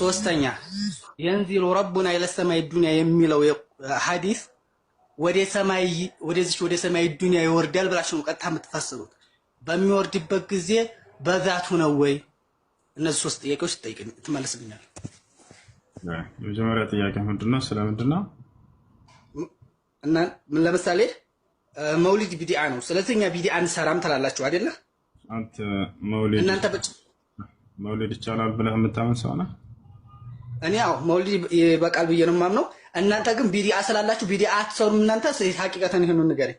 ሶስተኛ የንዚሉ ረቡና ለሰማይ ዱንያ የሚለው ሀዲስ ወደ ሰማይ ወደዚች ወደ ሰማይ ዱንያ ይወርዳል ብላችሁ ቀጥታ የምትፈስሩት በሚወርድበት ጊዜ በዛቱ ነው ወይ? እነዚህ ሶስት ጥያቄዎች ትጠይቅ ትመልስልኛል። የመጀመሪያ ጥያቄ ምንድነው? ስለምንድነው ምን ለምሳሌ መውሊድ ቢዲአ ነው። ስለዚህ እኛ ቢዲአ እንሰራም ትላላችሁ አይደለ? አንተ መውሊድ እናንተ መውሊድ ይቻላል ብለህ የምታምን ሰው ነህ? እኔ ያው መውሊድ በቃል ብዬ ነው የማምነው። እናንተ ግን ቢዲአ ስላላችሁ ቢዲአ አትሰሩም። እናንተ ሀቂቀተን ይህኑ ንገረኝ።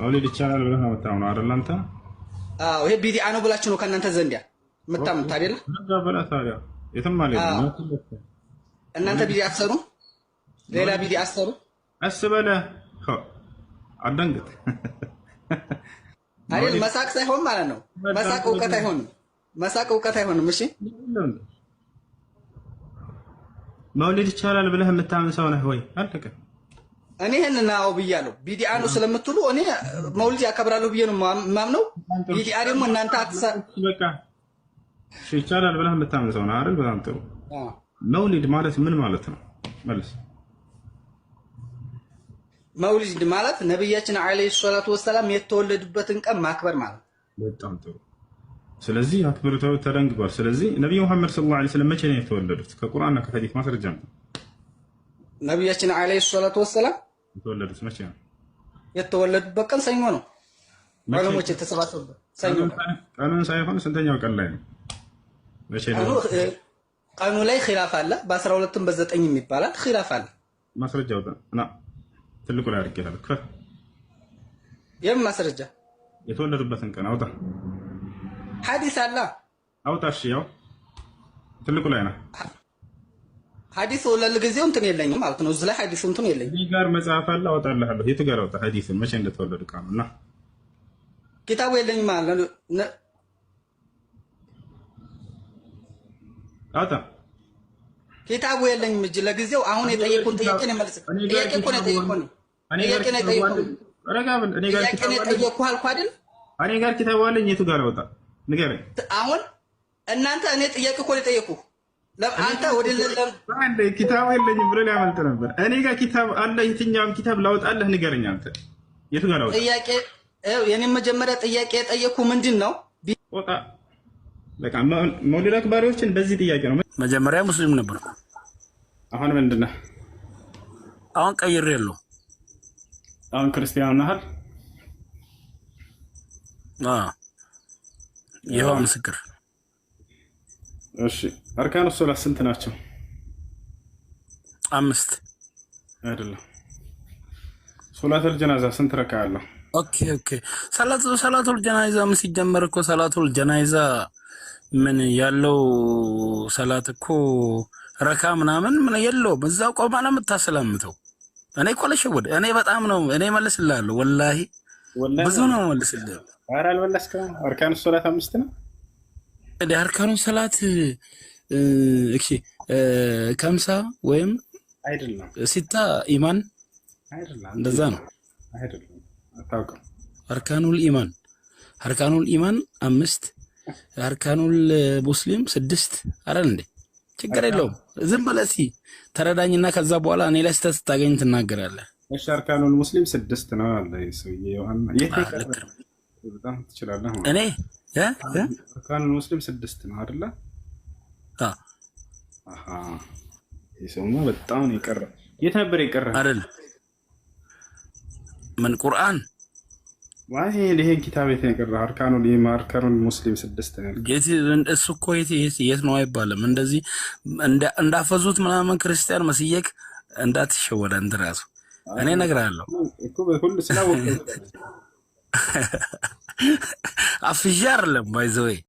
መውሊድ ይቻላል ብለህ ነው የምታምነው አይደል? አንተ አዎ፣ ይሄ ቢዲአ ነው ብላችሁ ነው ከእናንተ ዘንዲያ የምታምኑት አይደለ? እናንተ ቢዲአ አትሰሩም፣ ሌላ ቢዲአ አትሰሩ። አስበለህ አደንግጥ አይደል? መሳቅ ሳይሆን ማለት ነው። መሳቅ እውቀት አይሆንም። መሳቅ እውቀት አይሆንም። እሺ መውሊድ ይቻላል ብለህ የምታምን ሰው ነህ ወይ? አለቀ። እኔ ይህንን ናው ብያለሁ። ቢዲአ ነው ስለምትሉ እኔ መውሊድ ያከብራለሁ ብዬ ነው የማምነው። ቢዲአ ደግሞ እናንተ በቃ ይቻላል ብለህ የምታምን ሰው ነህ አይደል? በጣም ጥሩ። መውሊድ ማለት ምን ማለት ነው? መልስ። መውሊድ ማለት ነቢያችን አለይሂ ሰላቱ ወሰላም የተወለዱበትን ቀን ማክበር ማለት። በጣም ጥሩ ስለዚህ አክብሮታዊ ተደንግጓል። ስለዚህ ነቢዩ መሐመድ ሰለላሁ ዐለይሂ ወሰለም መቼ ነው የተወለዱት? ከቁርአንና ከሐዲስ ማስረጃ ነው። ነቢያችን ዐለይሂ ሰላቱ ወሰላም የተወለዱት መቼ ነው? የተወለዱበት ቀን ሰኞ ነው። ዑለሞች የተሰባሰቡበት ሰኞ ቀኑን ሳይሆን ስንተኛው ቀን ላይ ነው? መቼ ነው? ቀኑ ላይ ኺላፍ አለ። በአስራ ሁለትም በዘጠኝም ይባላል። ኺላፍ አለ። ማስረጃው ና ትልቁ ላይ አድርጌ ላልኩህ የምን ማስረጃ? የተወለዱበትን ቀን አውጣ ሀዲስ አላ አውጣሽ ያው ትልቁ ላይ ነው ሐዲሱ ለጊዜው እንትን የለኝም ማለት ነው። እዚህ ላይ ሐዲሱ እንትን የለኝም። እዚህ ጋር መጽሐፍ አለ አወጣልሃለሁ። የቱ ጋር አወጣ ሐዲሱን መቼ እንደተወለዱ ቃሉና ኪታቡ የለኝም ማለት ነው። አውጣ ኪታቡ የለኝም እጅ ለጊዜው አሁን የጠየቁን ጥያቄ ነው መልስ ጥያቄ እኮ ነው የጠየቁን ጥያቄ ነው የጠየቁን ረጋብን እኔ ጋር ኪታቡ አለኝ የቱ ጋር አወጣ ንገረኝ። አሁን እናንተ እኔ ጥያቄ እኮ የጠየኩህ አንተ ወደ ኪታቡ የለኝም ብሎ ሊያመልጥ ነበር። እኔ ጋር ኪታብ አለ። የትኛውም ኪታብ ላውጣለህ ንገረኝ። አንተ የቱ ጋር ላውጣ? ጥያቄ የኔ መጀመሪያ ጥያቄ የጠየኩህ ምንድን ነው? ወጣ በቃ መውሊድ አክባሪዎችን በዚህ ጥያቄ ነው። መጀመሪያ ሙስሊም ነበር። አሁን ምንድን ነህ? አሁን ቀይር የለው አሁን ክርስቲያን ናህል የውሃ ምስክር። እሺ አርካኑ ሶላት ስንት ናቸው? አምስት አይደለም። ሶላቱል ጀናዛ ስንት ረካ አለው? ኦኬ ኦኬ። ሰላቱል ጀናይዛ ምን ሲጀመር እኮ ሰላቱል ጀናይዛ ምን ያለው ሰላት እኮ ረካ ምናምን ምን የለውም። እዛ ቆማ ነው የምታሰላምተው። እኔ እኮ ለሸወደ እኔ በጣም ነው እኔ መልስላለሁ ወላሂ ብዙ ነው መልስልህ። ኧረ አልመለስክም። አርካኑ ሰላት አምስት ነው እንደ አርካኑ ሰላት ከምሳ ወይም አይደለም ሲታ ኢማን እንደዛ ነው። አርካኑል ኢማን አርካኑል ኢማን አምስት አርካኑል ሙስሊም ስድስት አይደል እንዴ? ችግር የለውም። ዝም ብለህ እስኪ ተረዳኝና ከዛ በኋላ እኔ ላይ ስህተት ስታገኝ ትናገራለህ። እሺ ሙስሊም ስድስት ነው አለ ሰውዬ ዮሐና። በጣም ትችላለህ። እኔ ሙስሊም ስድስት ነው አይደለ? ይሰማ በጣም ነው የቀረ። የት ነበር የቀረ? ምን ቁርአን ይሄን ኪታብ የት ነው የቀረ? ሙስሊም ስድስት ነው። እሱ እኮ የት ነው አይባልም። እንደዚህ እንዳፈዙት ምናምን ክርስቲያን መስየክ እንዳትሸወደ እንትን እራሱ እኔ እነግርሃለሁ አፍዣ አይደለም ባይዘወይ